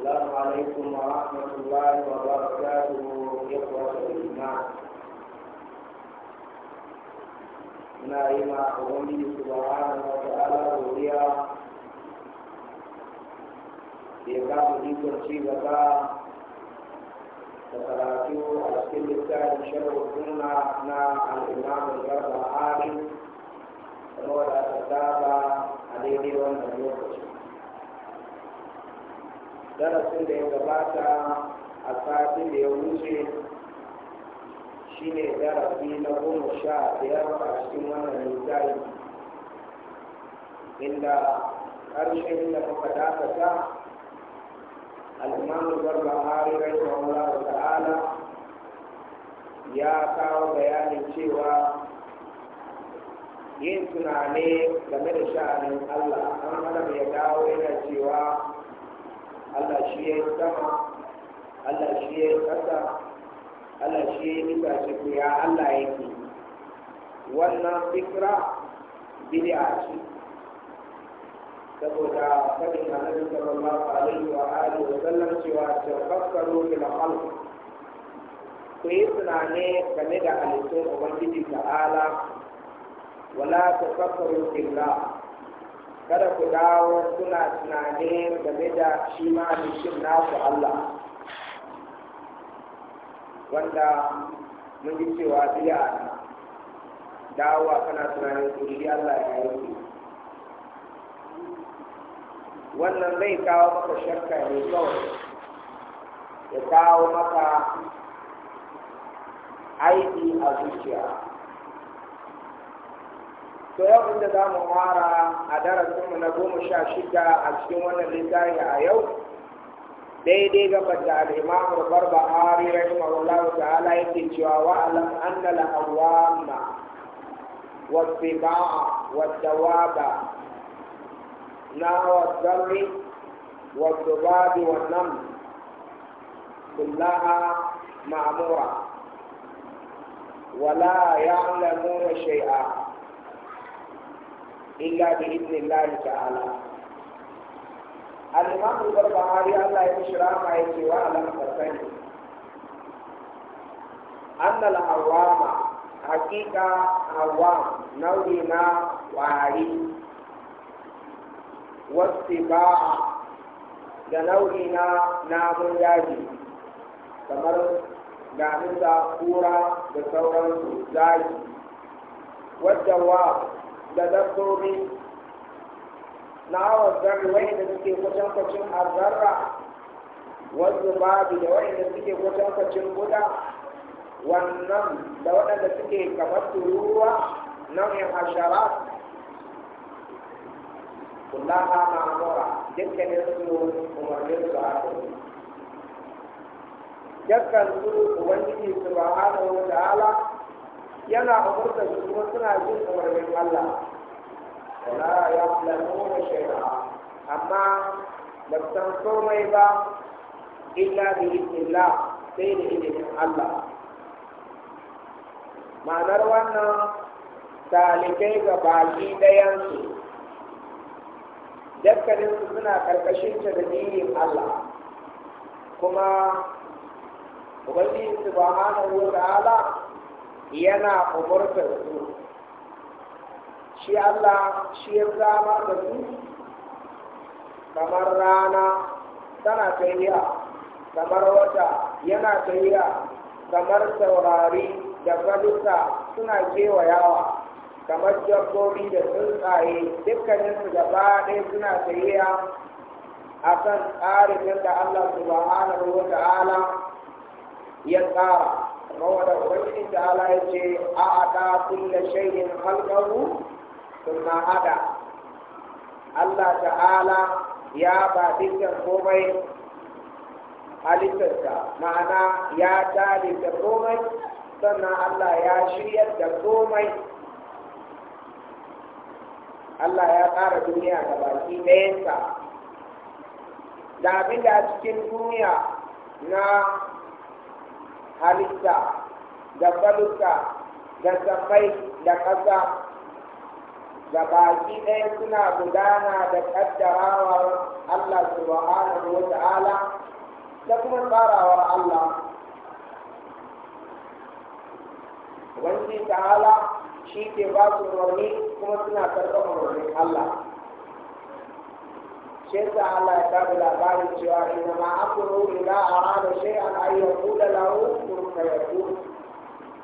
السلام عليكم ورحمة الله وبركاته إخوة الإيمان نائمة أغني سبحانه وتعالى وليا يقام ديكم شيء تتراكيو على كل كان شر السنة مع الإمام الجرد العالي ونورا تتابع عليه وأن يوقف darasin da ya gabata a satin da ya wuce shine darasi na goma sha biyar a cikin wannan misali inda ƙarshen da muka dakata da wula da ta'ala ya kawo bayanin cewa yin tunane game da sha'anin Allah an adam ya dawo yana cewa Allah shi ya yi sama Allah shi ya yi ƙasa Allah shi ya yi itace ko ya Allah yake wannan fikra bid'a ce saboda fadin annabi sallallahu alaihi wa alihi wa sallam cewa tafakkaru fil khalq ku yi tunane game da halittun ubangiji ta'ala wala tafakkaru fillah kada ku dawo kuna tunani game da shi ma mishin naku Allah wanda mun yi cewa biya dawowa kana tunanin ku shi Allah ya yi wannan zai kawo maka shakka ne kawai ya kawo maka aiki a zuciya to yau inda za mu fara a darasinmu na goma sha shida a cikin wannan littafi a yau daidai gabar da al'imamu barbahari rahimahullahu ta'ala yake cewa wa wa'alam anna al-awwama was-siba'a wa dawaba Na ad-dharri wad-dubabi wan-naml kullaha ma'mura ولا يعلمون شيئا illa bi idnillahi ta'ala al-imam al-barbahari Allah ya shira ma yake wa alam fasani anna al-awama hakika awam nau'i na wari wastiba'a da nau'i na namun daji kamar ganin da kura da sauransu zaki. wadda wa da na awon zarri wa'inda suke kwatankwacin azarra wanzu babu da wa'inda suke kwatankwacin guda wannan da waɗanda suke kamar turuwa na yin hashara kula ta ma'amura dukkanin su umarnin su a kuma dukkan su ubangiji su ba hana wata yana umarta su kuma suna jin umarnin allah wala ya lamuna shay'a amma ba san komai ba illa bi idnillah sai da izinin Allah ma'anar wannan talibai ga baki ɗayansu dakkaninsu suna ƙarƙashin ta da niyin Allah kuma ubangiji subhanahu wa ta'ala yana umurtar su shi Allah shi ya zama da su kamar rana tana tahiya kamar wata yana tahiya kamar saurari da faduka suna kewayawa kamar jabbobi da tsuntsaye dukkaninsu gaba ɗaya suna tahiya a kan tsarin da Allah subhanahu wa ta'ala ya tsara kamar wanda Ubangiji ala ya ce a aɗa kulle shaidin halkaru ثم Allah Ta'ala Ya ba dukkan komai halittarsa ma'ana ya tare da komai sannan Allah ya shiryar da komai Allah ya ƙara duniya da baki ɗayansa da abin da cikin duniya na halitta da faluka da samai da ƙasa da baki ɗaya suna gudana da ƙaddarawar Allah subhanahu wa ta'ala da kuma tsarawar Allah Ubangiji ta'ala shi ke ba su rauni kuma suna karɓar rauni Allah shi yasa Allah ya ba labarin cewa ina ma rana shi arada shay'an ay yaqula da ya fayakun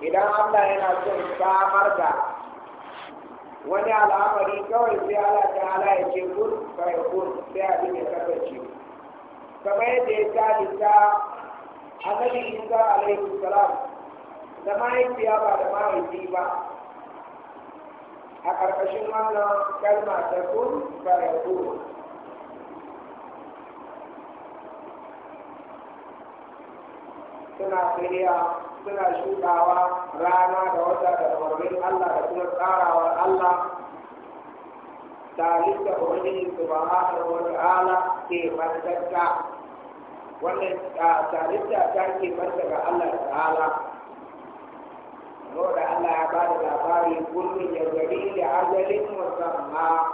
idan Allah yana son samar da wani al'amari kawai sai Allah ta'ala ya ce kun fa yakun sai abin ya kasance kamar yadda ya tafi talita annabi Isa alaihi salam da mahaifiya ba da mahaifi ba a ƙarƙashin wannan kalma ta kun fa yakun suna shirya suna shuɗawa rana da wata da umarnin Allah da kuma tsarawar Allah tare da ubangiji subhanahu wani ala ke mantarta wannan da ta ke manta Allah da ala. da Allah ya ba da labari kullum ya gari da ajalin musamman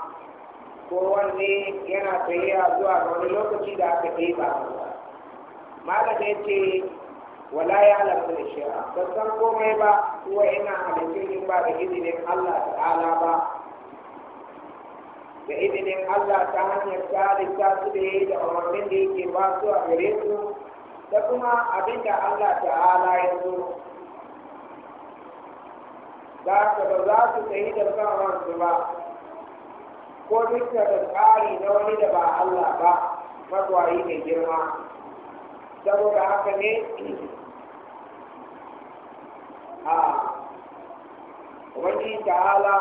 kowanne yana tsayiya zuwa wani lokaci da aka ɗeba masa. Malaka ya ce wala ya alamu da shi'a ba san komai ba kuwa ina halittun ba da izinin Allah ta'ala ba da izinin Allah ta hanyar tsarin ta su da ya yi da umarnin da yake ba su a gare su da kuma abin da Allah ta'ala ya zo. za ka ba za su tsayi da son ba ko duk da tsari na wani da ba Allah ba magwayi mai girma saboda haka ne a wani ta'ala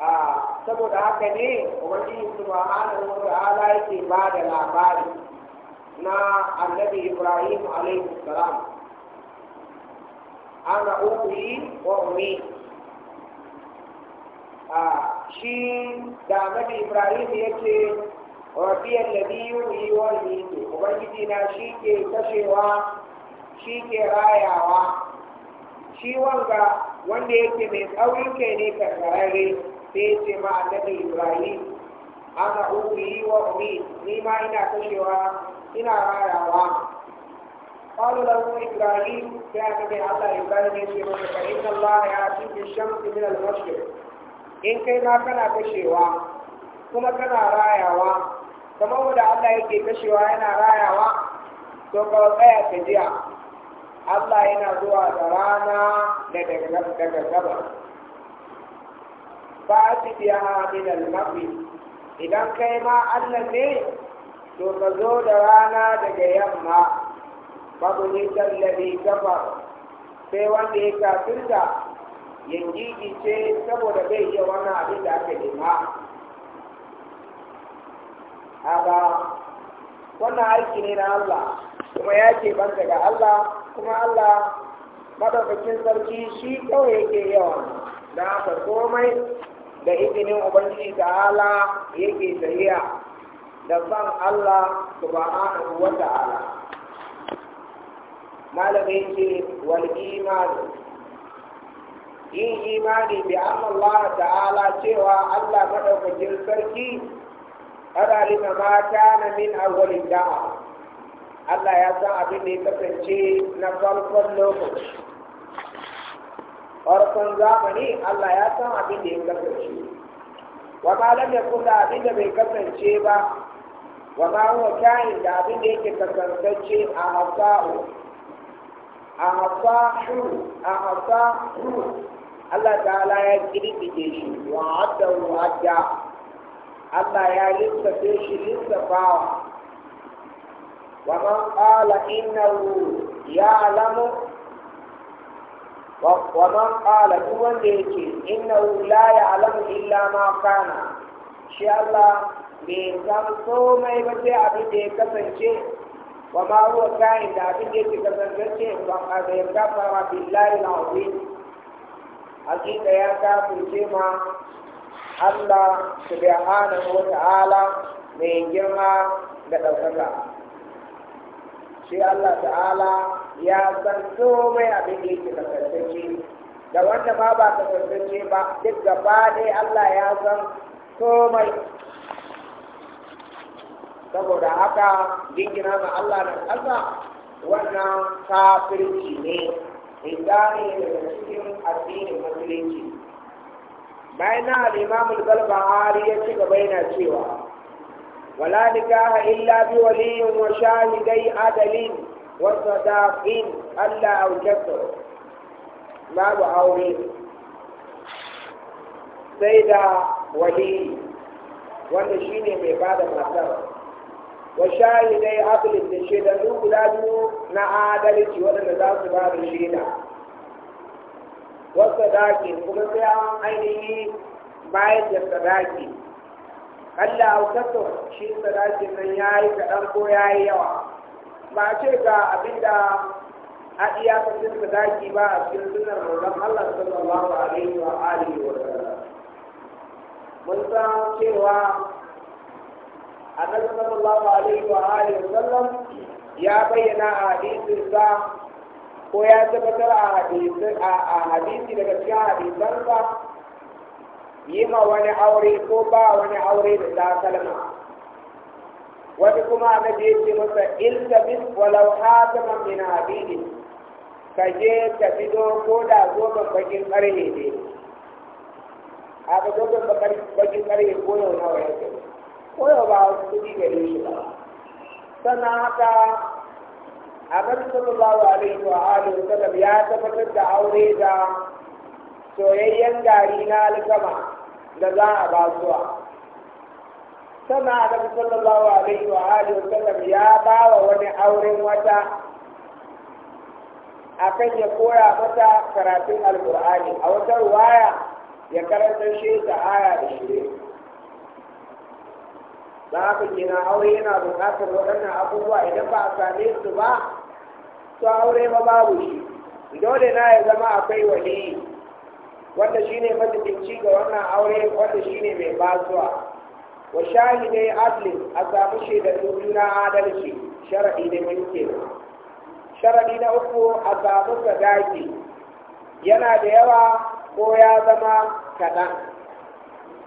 a saboda haka ne wani subhanahu wa ta'ala yake ba da labari na annabi ibrahim alaihi salam ana umri wa umri a shi da annabi ibrahim yake rabiyar da biyu yi wani ubangiji na shi ke kashewa shi ke rayawa shi wanga wanda yake mai tsaurin kai ne karkararre sai ce ma annabi ibrahim ana uwi wa umi ni ma ina kashewa ina rayawa قالوا له ابراهيم كان من الله ابراهيم في فإن الله ياتي بالشمس من المشرق in kai ma kana كما kuma رايا rayawa كما wanda Allah yake kashewa yana rayawa to ka tsaya ka jiya Allah yana zuwa da rana daga gaba ba a ci biya min al-mafi idan kai ma Allah ne to ka zo da rana daga yamma fabuli tallabi kafa sai wanda ya kafirta ya gigice saboda bai iya wani abin da aka nema haka wannan aiki ne na Allah kuma ya ce ban daga Allah kuma Allah madaukakin sarki shi kawai yake yawa da haka komai da izinin ubangiji ala yake tsayiya da san Allah subhanahu wa ta'ala malamai ce wal imani yin imani bi Allah ta'ala cewa Allah madaukakin sarki kada lima ma kana min awwalin da'a Allah ya san abin da ya kasance na farkon lokaci farkon zamani Allah ya san abin da ya kasance wa ma lam yakun da abin da bai kasance ba wa ma huwa da abin da yake kasantacce a hasa'u a hasa'u a hasa'u Allah ta'ala ya kirkike shi wa adda wa adda Allah ya lissafe shi lissafawa ومن قال إنه يعلم ومن قال كون ديكي إنه لا يعلم إلا ما كان شاء الله بيزام سوما يبتي أبي ديكا سنشي وما هو كائن أبي ديكا سنشي فقد كفر بالله العظيم حقيقة يا كافر شيما الله سبحانه وتعالى من جمع da ɗaukaka shi Allah ta'ala ya san komai abin da yake kasance da wanda ma ba kasance ba duk gaba ne Allah ya san komai saboda haka jingina ma Allah na ƙasa wannan kafirci ne ingane daga cikin addinin musulunci bayan na al'imamul galba ya ci gaba yana cewa ولا نكاح إلا بولي وشاهدي عدل وصداقين ألا أو كثر ما بأوهين سيدا ولي ونشيني من بعد ما ترى وشاهدي عدل تشيدا نقلاد نعادل جوانا نزاس بعد شينا وصداقين كما سيئا عيني بايت يصداقين kalla autato shi sadakin nan ya yi kaɗan ko ya yi yawa ba ce ga abin da a iyakacin sadaki ba a cikin sunnar manzon Allah sallallahu alaihi wa alihi wa sallam mun san cewa annabi sallallahu alaihi wa alihi wa sallam ya bayyana a hadisin sa ko ya tabbatar a hadisi daga cikin hadisan sa yi ma wani aure ko ba wani aure da ta kalma wani kuma annabi ya ce masa iltabis walau hatama min habibin ka je ka fido ko da zoben bakin karhe ne a ga zoben bakin karhe ko yau nawa yake ko yau ba wasu kudi gare shi ba sannan haka annabi sallallahu alaihi wa alihi wasallam ya tabbatar da aure da soyayyen gari na alkama da za a ba suwa sannan da sallallahu alaihi wa alihi wasallam ya ba wa wani auren wata akan ya koya mata karatun alkur'ani a wata ruwaya ya karanta shi ta aya da shi da haka kenan aure yana buƙatar waɗannan abubuwa idan ba a same su ba to aure ma babu shi dole na ya zama akwai wani wanda shine ci ga wannan aure wanda shine mai basuwa wa shahidai adlin a samu shaidatu juna adalci sharadi da mulki sharadi na uku a samu sadaki yana da yawa ko ya zama kaɗan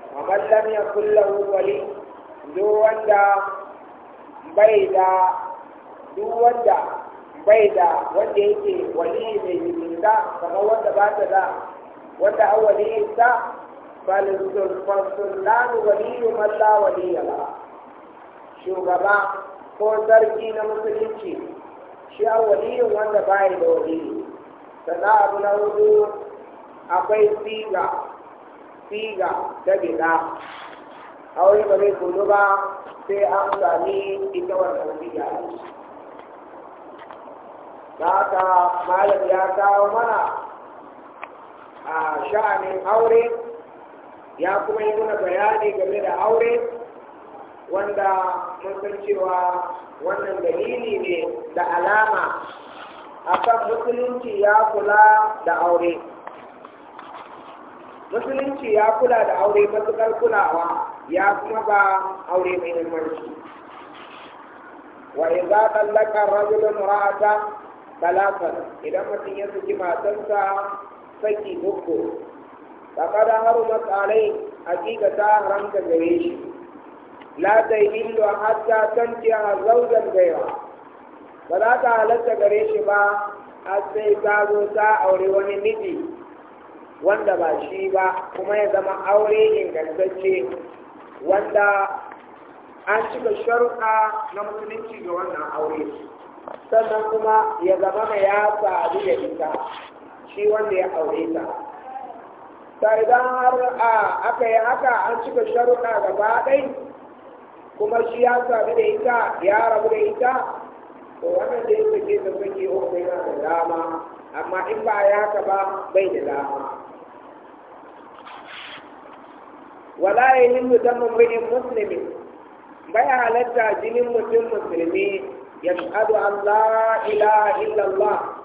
A mallam ya له ولي duk wanda bai da duk wanda bai da yake wali mai jikinta kamar wanda ba ta da wanda an waliyinsa falsulfan waliyu malla waliyala shugaba ko sarki na musulunci shi an waliyin wanda bayi da waliyu sannan abu na hudu akwai siga siga da gida aure ba zai kudu ba sai an sami ita wannan siga da haka malam ya kawo mana a sha'anin aure ya kuma yi mana bayani game da aure wanda mun san cewa wannan dalili ne da alama akan musulunci ya kula da aure musulunci ya kula da aure matuƙar kulawa ya kuma ba aure mai muhimmanci wa idza tallaqa rajulun ra'ata talaqan idan mutum ya saki matarsa saki uku faƙada harumat a hakika ta haramta gare shi la ta illu hatta a zaujar gaiwa ba za ta halatta gare shi ba a sai ta zo ta aure wani miji wanda ba shi ba kuma ya zama aure ingantacce wanda an cika sharuɗa na musulunci ga wannan aure sannan kuma ya zama mai ya sadu da ita shi wanda ya aure ta ta idan har a aka yi haka an cika sharuɗa gaba ɗai kuma shi ya sami da ita ya rabu da ita to wannan da ya sake da suke uku oh, yana da dama amma in ba ya haka ba bai da dama wala ya yi musamman mummuni musulmi bai halatta jinin mutum musulmi ya shaɗu an la illallah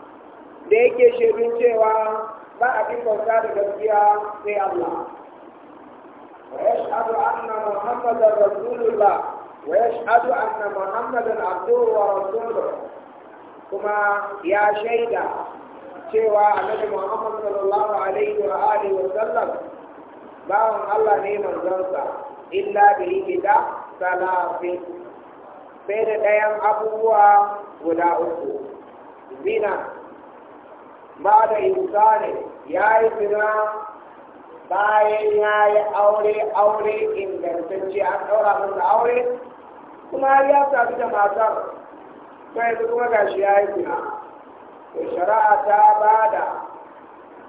da yake shaidun cewa ba a fi bauta da gaskiya sai Allah wa yashhadu anna muhammadar rasulullah wa yashhadu anna muhammadan abduhu wa Rasulullah, kuma ya shaida cewa annabi muhammad sallallahu alaihi wa alihi wa sallam bawan Allah ne manzonsa illa bi hidda salafi sai da ɗayan abubuwa guda uku zina ba da insani ya yi zina bayan ya yi aure aure ingantacce an ɗaura masa aure kuma ya sami da matar sai su kuma gashi ya yi zina da shari'a ta ba da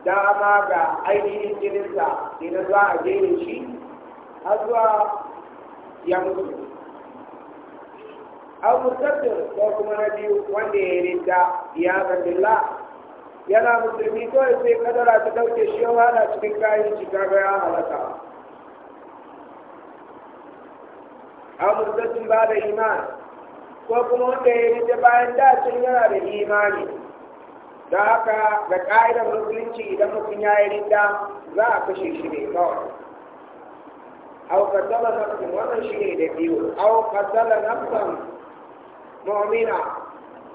dama ga ainihin jininsa idan za a jere shi har zuwa ya mutu abu musaddin ko kuma na biyu wanda ya rinta ya zambilla yana musulmi kawai sai kadara ta dauke shi yau na cikin kayan shi ga ya halaka a murtattun ba da iman ko kuma wanda ya yi ta bayan dacin yana da imani da haka ga ƙa'idar musulunci idan mutum ya yi rinda za a kashe shi ne kawai au kasala nafsin wannan shi ne da biyu au kasala nafsan mu'mina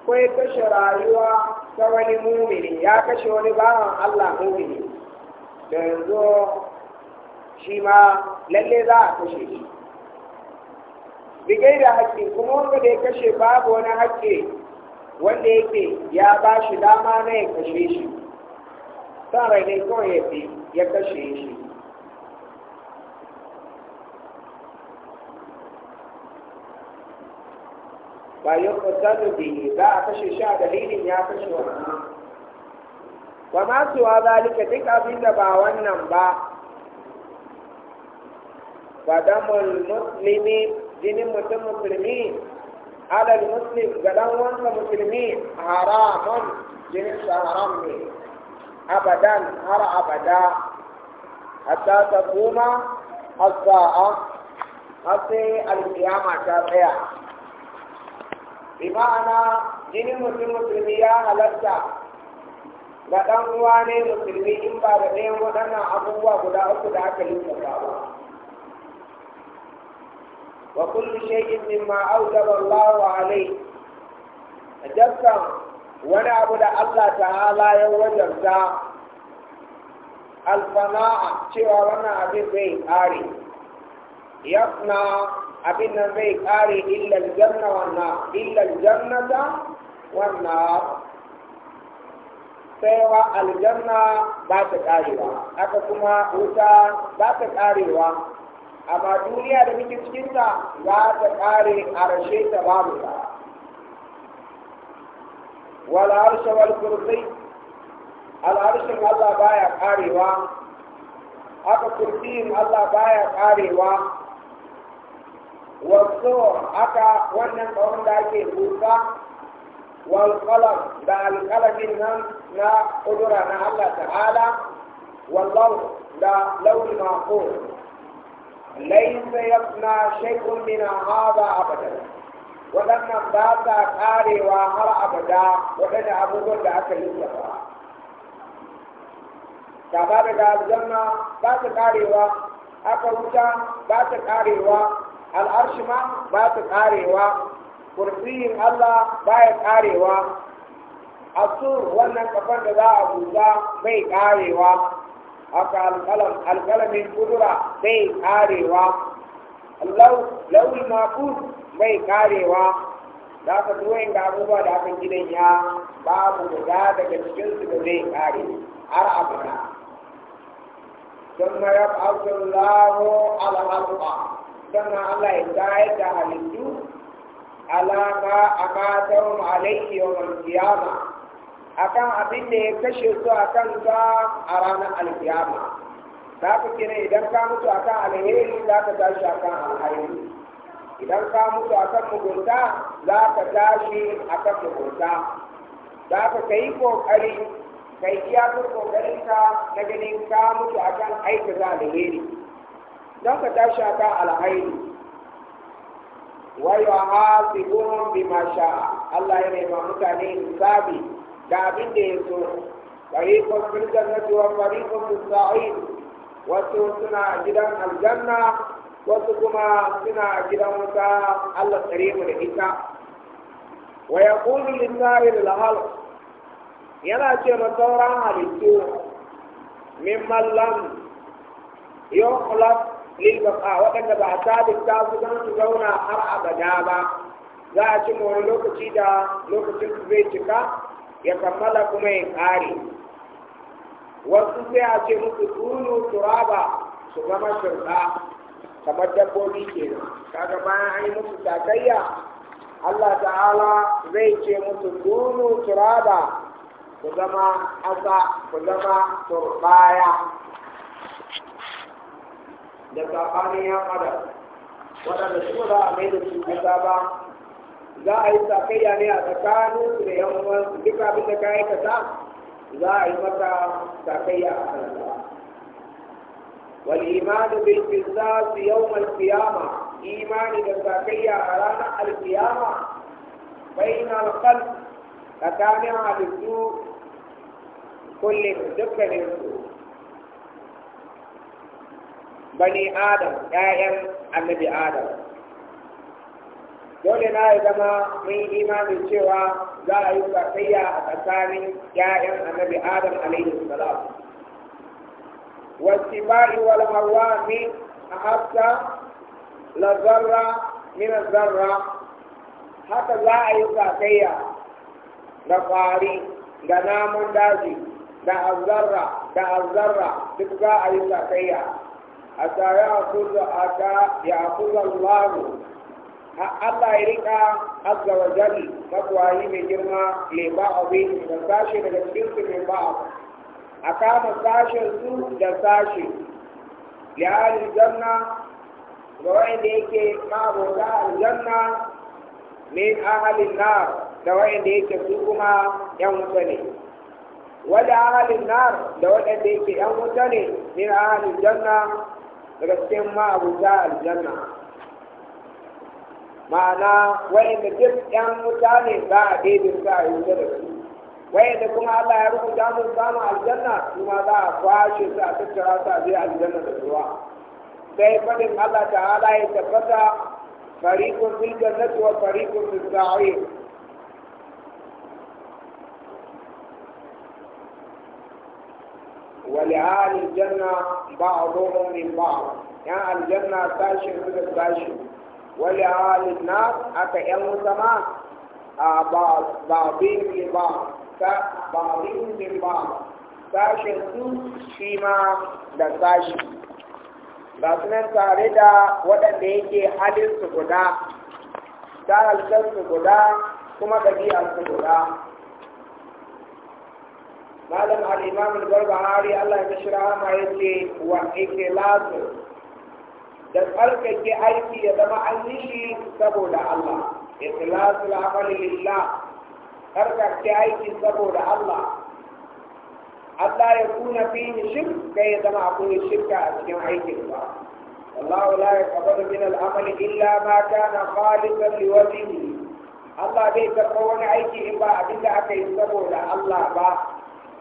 ko ya kashe rayuwa ta wani mumini ya kashe wani bawan Allah mumini da yanzu shi ma lalle za a kashe shi bigai da haƙƙi kuma wanda da ya kashe babu wani haƙƙi wanda yake ya ba shi dama na ya kashe shi sa rai ne kawai ya kashe shi ba yi kusurdu bihi za a kashe sha, dalilin ya kashe wannan wa ma suwa zalika duk abin da ba wannan ba fa damul muslimi jinin mutum musulmi alal muslim ga dan wanda musulmi haramun jinin sa haram ne abadan har abada hatta ta kuma as-sa'a har sai ta tsaya bi ma'ana jinin mutum musulmi ya halatta ga ɗan uwa ne musulmi in ba da ɗayan waɗannan abubuwa guda uku da aka lissa ba wa kullu shay'in mimma awjaba Allahu alayhi dukkan wani abu da Allah ta'ala ya wajarta alfana'a cewa wannan abin zai kare yasna abin nan zai kare illal janna wannan illal jannata wannan wa aljanna ba ta karewa haka kuma wuta ba ta karewa amma duniya da muke cikinta za ta kare a rashe ta babu ta wal arsha wal kursi al arshin Allah baya karewa haka kursiyin Allah baya karewa wasu haka wannan tsawon da ake busa wal qalam da alƙalafin nan na ƙudura na Allah ta'ala wallahu da launi mako laisa yabna shay'un min hada abada waɗannan ba sa ƙarewa har abada waɗanda abubuwan da aka yi ba kama daga aljanna ba ta ƙarewa aka wuta ba ta ƙarewa al'arshi ma ba su karewa kursiyin Allah ba ya karewa asur wannan kafar da za a buza bai karewa haka alƙalamin kudura bai karewa lauyi mafus bai karewa da aka duwayin da abubuwa da aka gidan ya babu guda daga cikinsu da zai kare har abuna ثم يبعث الله على الأرض sannan Allah ya yi ta halittu alama a matahun alaihi yawon a akan abin da ya kashe su a kansa a ranar alkiyama za ka kira idan ka mutu a kan alheri za ka tashi kan alhairi idan ka mutu a kan mugunta za ka tashi kan mugunta za ka yi kokari yi iyakar kokarinka na ganin ka mutu a aiki aikata alheri don ka tashi a alhaini wayo ha sibon bi masha Allah ya nema mutane sabi da abin da ya so fariqun fil jannati wa fariqun fis sa'id wasu suna gidan aljanna wasu kuma suna gidan wuta Allah tare mu da ita wa yaqulu lin nari lil yana ce ma sauran halittu mimman lam yukhlaq a waɗanda ba a ta su zan su zauna har abada ba za a ci wani lokaci da lokacin su zai cika ya kammala kuma ya ƙare wasu sai a ce musu tunu turaba su zama shirka kamar dabbobi ke nan kaga bayan an yi musu takayya Allah ta'ala zai ce musu tunu turaba ku zama asa ku zama turbaya da saɓanin ya hada waɗanda su za a mai da su kusa ba za a yi sakayya ne a tsakanin su da yan uwansu duk abin da ka aikata za a yi masa sakayya a kansa والإيمان بالقصاص يوم القيامة إيمان بالساقية أرانا القيامة بين القلب أتانع بالسوء كل دكة للسوء bani adam ƴaƴan annabi adam dole na ya zama mun imani cewa za a yi sakayya a tsakanin ƴaƴan annabi adam alaihi salam wa sibai wal والسباع والهوام حتى لذرة من zarra haka za a yi sakayya da ƙwari da namun daji da azzarra da azzarra duk za a yi sakayya hatta ya'khudha aka ya'khudha Allah Allah ya rika azza wa jalla takwayi mai girma le ba abin da sashi daga cikin su ba a kama sashen su da sashi ya aljanna ga wa'anda yake ma'abota aljanna min ahalin nar da wa'anda yake su kuma yan wuta ne wanda nar da waɗanda wuta ne janna daga cikin ma'abuta aljanna ma'ana wa'inda duk yan mutane za a daidai sa a yi da su wa'inda kuma Allah ya rubuta mun samun aljanna kuma za a kwashe su a tattara su a je aljanna da ruwa sai fadin Allah ta'ala ya tabbata fariqun fil jannati wa fariqun fis ولآل الجنة بعضهم من بعض يعني الجنة تاشر من تاشر ولآل النار أكا يوم بعض بعضهم من بعض بعضهم من بعض sashen su shi ma da sashi su nan tare da waɗanda yake halin su guda ta halittar su guda kuma ɗabi'ar su guda malam al-imam al-barbahari Allah ya shira ma ce wa ikhlasu da tsarkake aiki ya zama an yi shi saboda Allah ikhlasu al-amali lillah tsarkake aiki saboda Allah Allah ya kuna fi shirk kai ya zama akwai shirka a cikin aikin ba Allah la yaqbalu min al-amal illa ma kana khalisan liwajhihi Allah bai karɓa wani aiki in ba abinda aka yi saboda Allah ba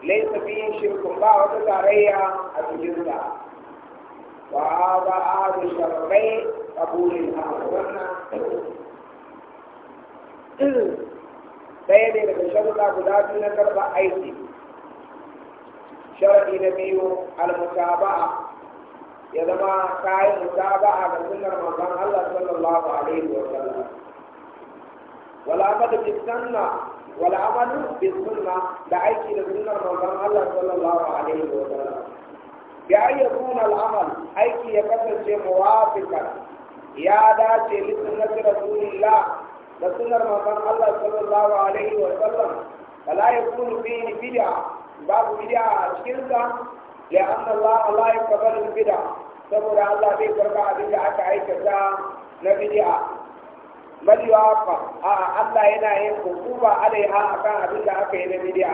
ليس فيه شرك الله با عليها أتجزا وهذا أحد شرطي قبول الأمر وانا سيدي لك شرطة قدات نكر أيدي شرطي نبي المتابعة يدما كاي متابعة لسنة رمضان الله صلى الله عليه وسلم والعمل بالسنة والعمل بالسنة لأيكي لسنة رمضان sallallahu alaihi aiki ya kasance muwafiqan ya dace li sunnati rasulillah da Allah sallallahu alaihi wa sallam fala yakunu fihi babu a cikin sa لأن الله لا يقبل saboda Allah zai karba abin aka aikata na bid'a bal Allah yana yin hukuma alaiha akan abin da aka yi na bid'a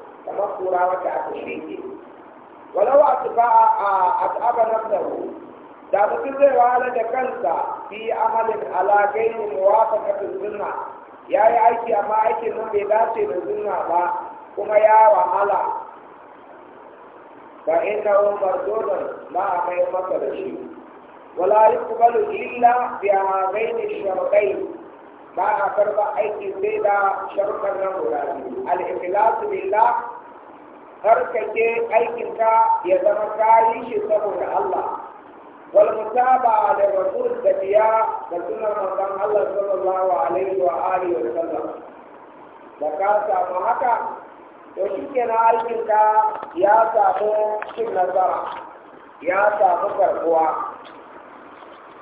kamar kura wacce aka shirke walau a tuba a tsaba nafsahu da mutum zai wahala da kansa fi amalin ala gaini muwafaqatin sunna ya yi aiki amma aikin nan bai dace da sunna ba kuma ya wahala fa innahu mardudun ma a kai masa da shi wala yuqbalu illa bi hadhaini kai. ba a karba aiki sai da sharuɗan nan guda biyu al-ikhlasu lillah aikinka ya zama yi shi saboda Allah wal musaba da rasul da biya da sunan manzon Allah sallallahu alaihi wa alihi wa sallam da ka samu haka to shikenan aikinka ya samu cin nasara ya samu karbuwa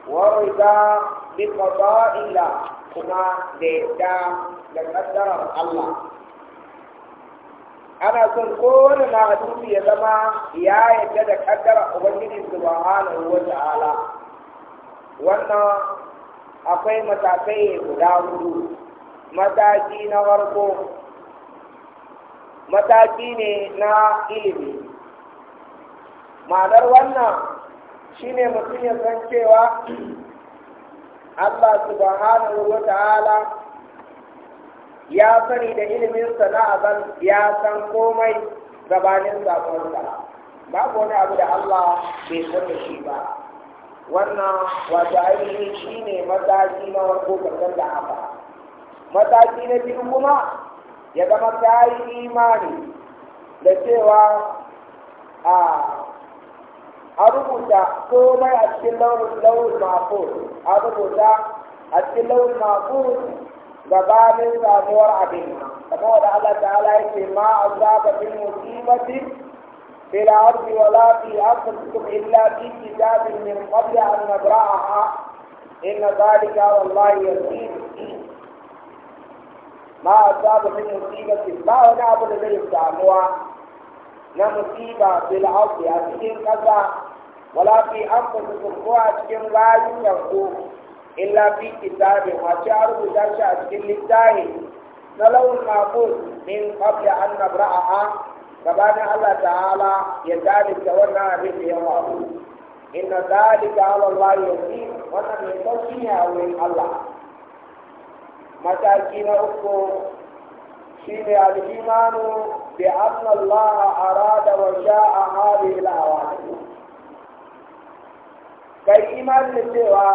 wa bi qada'illah kuma da yadda da kaddarar Allah ana son kowane ma'adubi ya zama ya yadda da kaddara ubangiji subhanahu wa ta'ala wannan akwai matakai guda hudu mataki na farko mataki ne na ilimi ma'anar wannan shine mutum ya san cewa Allah subhanahu wa ta'ala ya sani da ilimin na azan ya san komai gabanin zaɓonsa Ba wani abu da Allah bai sani shi ba wannan wato ainihin shi ne mataki na wato kankan da haka mataki na biyu kuma ya zama ta yi imani da cewa a a rubuta komai a cikin launin mafus a rubuta a cikin launin mafus gabanin samuwar abin kamar da Allah ta'ala yake ma azaba min musibati fil ardi wa la fi anfusikum illa fi kitabin min qabl an nabra'aha inna dhalika wallahi yasir ma azaba min musibati ba wani abu da zai samuwa na musiba bil ardi a cikin ƙasa wala fi anfusikum ko a cikin rayukan ku illa fi kitabin wa ci a rubuta shi a cikin littafi na launin maqul min qabla an nabra'aha gabanin Allah ta'ala ya dalilta wannan abin da ya faru inna dalika ala Allah wannan mai sauki ne a wurin Allah mataki na uku shine al-imanu bi anna Allah arada wa sha'a hadhihi al kai imanin da cewa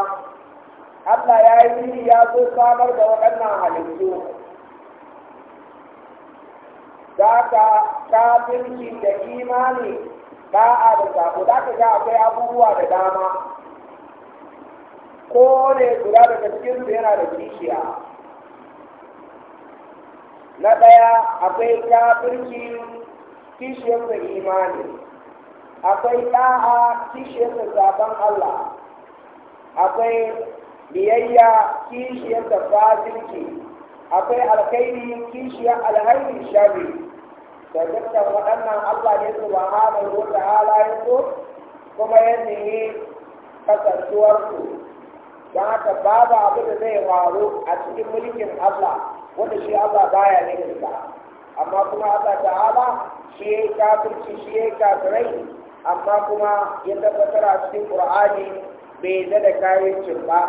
Allah ya yi nuni ya zo samar da waɗannan halittu da ka kafirci da imani da'a da sabo da ka ga akwai abubuwa da dama ko ne guda daga cikinsu yana da kishiya na ɗaya akwai kafirci kishiyarsa imani akwai ɗa'a kishiyarsa sabon Allah akwai biyayya kishiyarsa fasilci akwai alkhairi kishiyar alhairi shari da dukkan waɗannan Allah ne su bahana wa ta halayen su kuma ya kasar kasantuwarsu don haka babu abu da zai faru a cikin mulkin Allah wanda shi Allah baya ne da amma kuma Allah ta'ala shi yi kafirci shi yi kafirai amma kuma ya tabbatar a cikin Qur'ani bai da da kafircin ba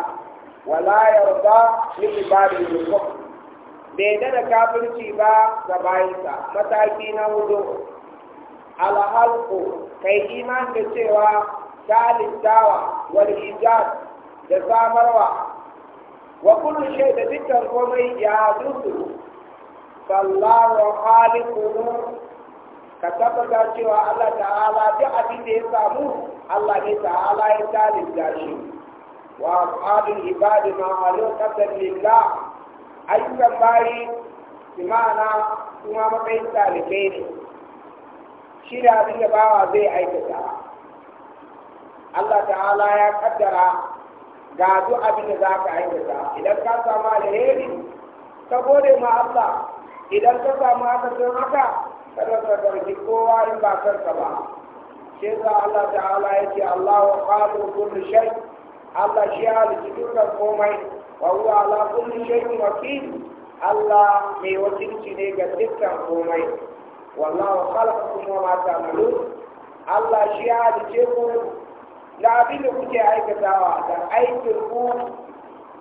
wala yarda li ibadi yusuf bai da da kafirci ba ga bayinsa mataki na hudu alhalku kai iman da cewa ta littawa wal ijaz da samarwa wa kullu shay da dukkan komai ya dusu sallahu khaliquhu ka tabbata cewa Allah ta'ala duk abin da ya samu Allah ne ta'ala ya talinta shi wa afalul ibadi ma alaqatan lillah ayyukan bayi imana kuma matsayin talibe ne shi da abin da bawa zai aikata Allah ta'ala ya kaddara ga duk abin da za ka aikata idan ka samu alheri ka gode ma Allah idan ka samu sun haka kada rasa zargi kowa in ba karka ba shi yasa Allah ta'ala yake Allah wa qalu kullu shay Allah shi ya halitta dukkan komai wa huwa ala kulli shay'in wakil Allah mai wakilci ne ga dukkan komai wallahu khalaqakum wa ma ta'malun Allah shi ya halitta ku da abin da kuke aikatawa da aikin ku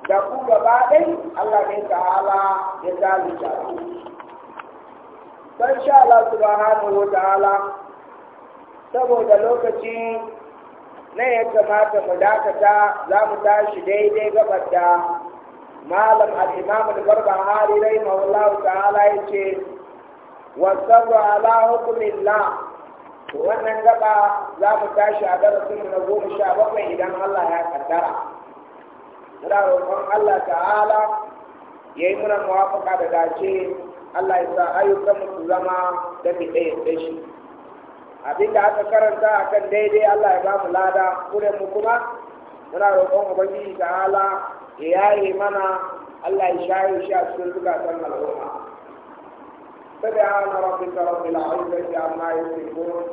da ku gaba ɗai Allah ne hala ya ta ku san sha Allah hannu wa hala. saboda lokaci na ya kamata mu dakata za mu tashi daidai gabar da malam al-imam al-barbahari rahimahullahu ta'ala yace wa sabra ala hukmillah wannan gaba za mu tashi a darasin na goma sha bakwai idan Allah ya kaddara muna roƙon Allah ta'ala ya yi muna muwafaka da dace Allah ya sa ayyukan mu zama da mu ɗaya da shi abin da aka karanta a kan daidai Allah ya ba mu lada kure mu kuma muna roƙon ubangiji ta'ala ya yaye mana Allah ya sha yi a cikin zukatan al'umma سبحان ربك رب العزة عما يصفون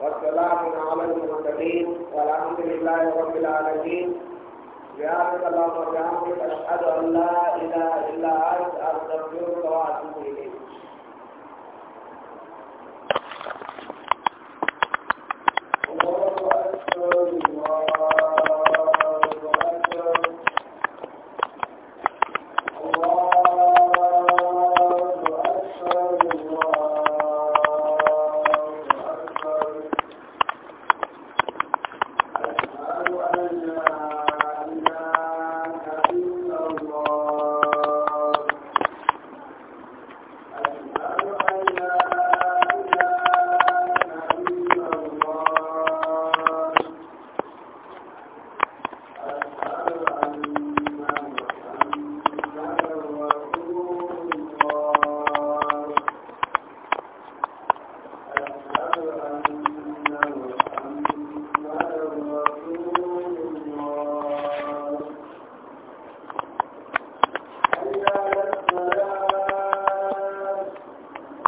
والسلام على المرسلين والحمد لله رب العالمين بأمرك الله وبحمدك أشهد أن لا إله إلا أنت أستغفرك وأتوب إليك